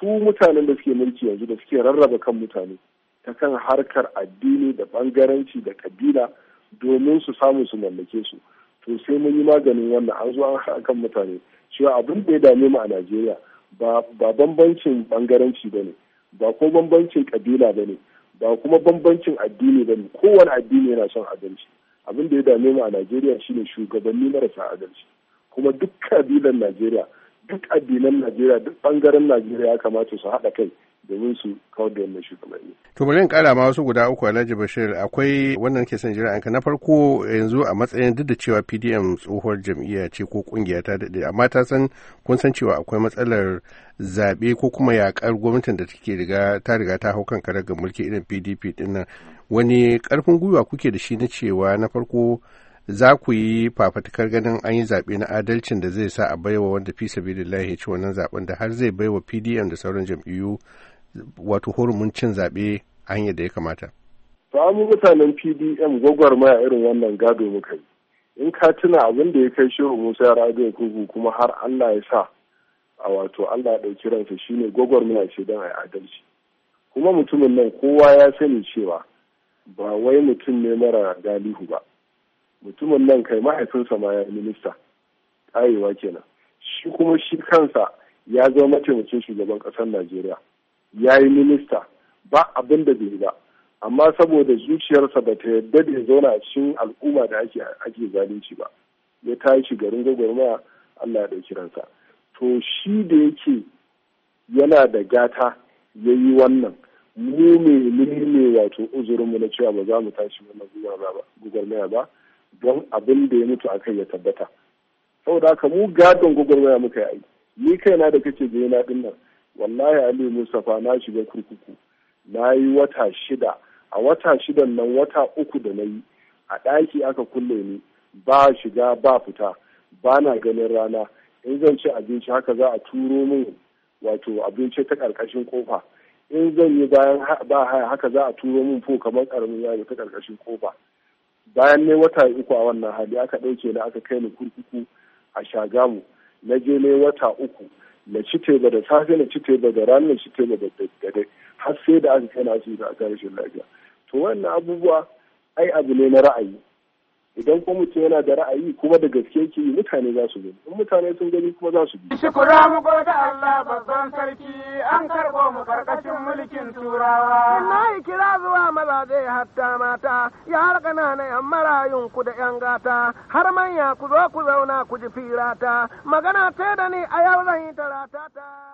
su mutanen da suke mulki yanzu da suke rarraba kan mutane ta kan harkar addini da bangaranci da kabila domin su samu su mallake su to sai mun yi maganin wannan an zo an haɗa kan mutane cewa abin da ya dame mu a najeriya ba bambancin bangaranci ba ne ba ko bambancin kabila ba ne ba kuma bambancin addini ba ne kowane addini yana son adalci abin da ya dame mu a najeriya shine shugabanni marasa adalci kuma duk kabilan najeriya duk addinan Najeriya duk bangaren Najeriya ya kamata su haɗa kai domin su kawar da wannan shugabanni. To bari in kara ma wasu guda uku Alhaji Bashir akwai wannan ke son jira na farko yanzu a matsayin duk da cewa PDM tsohuwar jam'iyya ce ko kungiya ta daɗe amma ta san kun san cewa akwai matsalar zaɓe ko kuma yaƙar gwamnatin da take riga ta riga ta hau kan karagar mulki irin PDP ɗin nan wani ƙarfin gwiwa kuke da shi na cewa na farko za ku yi fafatakar ganin an yi zaɓe na adalcin da zai sa a baiwa wanda fi sabilillahi ya ci wannan zaɓen da har zai baiwa pdm da sauran jam'iyyu wato hurumin cin zaɓe a hanyar da ya kamata. Samun mutanen pdm gwagwarmaya irin wannan gado muka yi in ka tuna abin da ya kai shehu musa ya rage kuku kuma har allah ya sa a wato allah ya ɗauki ransa shine gwagwarmaya ce don a yi adalci kuma mutumin nan kowa ya sani cewa ba wai mutum ne mara galihu ba mutumin nan kai mahaifinsa ma ya minista ayewa kenan shi kuma shi kansa ya zama mataimakin shugaban ƙasar najeriya ya yi minista ba abin da bai ba amma saboda zuciyarsa ba ta yadda da ya zauna a cikin al'umma da ake ake zalunci ba ya tashi garin gwagwarmaya allah ya ɗauki ransa to shi da yake yana da gata ya yi wannan mu ne ne wato uzurinmu na cewa ba za mu tashi wannan gwagwarmaya ba don abin da ya mutu a kai ya tabbata saboda haka mu gadon gwagwarmaya muka yi ni kaina da kake je na din nan wallahi ali mustafa na shiga kurkuku na yi wata shida a wata shidan nan wata uku da na yi a ɗaki aka kulle ni ba shiga ba fita ba na ganin rana in zan ci abinci haka za a turo min wato abinci ta ƙarƙashin kofa in zan yi bayan ba haka za a turo min fo kamar ƙaramin yaro ta ƙarƙashin ƙofa. bayan ne wata uku a wannan hali aka ɗauke ni aka kai ni kurkuku a shagamu na je ne wata uku na ci teba da safe na ci teba da rana na ci teba da daddare har sai da aka kai na asibiti a rashin lafiya to wannan abubuwa ai abu ne na ra'ayi idan ko mutum yana da ra'ayi kuma da gaske yake yi mutane za su gani in mutane sun gani kuma za su bi shukura mu gode Allah babban sarki an karɓo mu karkashin mulkin turawa yi kira zuwa mazaje hatta mata ya har kanana yan marayun ku da yan gata har manya ku zo ku zauna ku ji firata magana ta da ni a yau zan yi tarata ta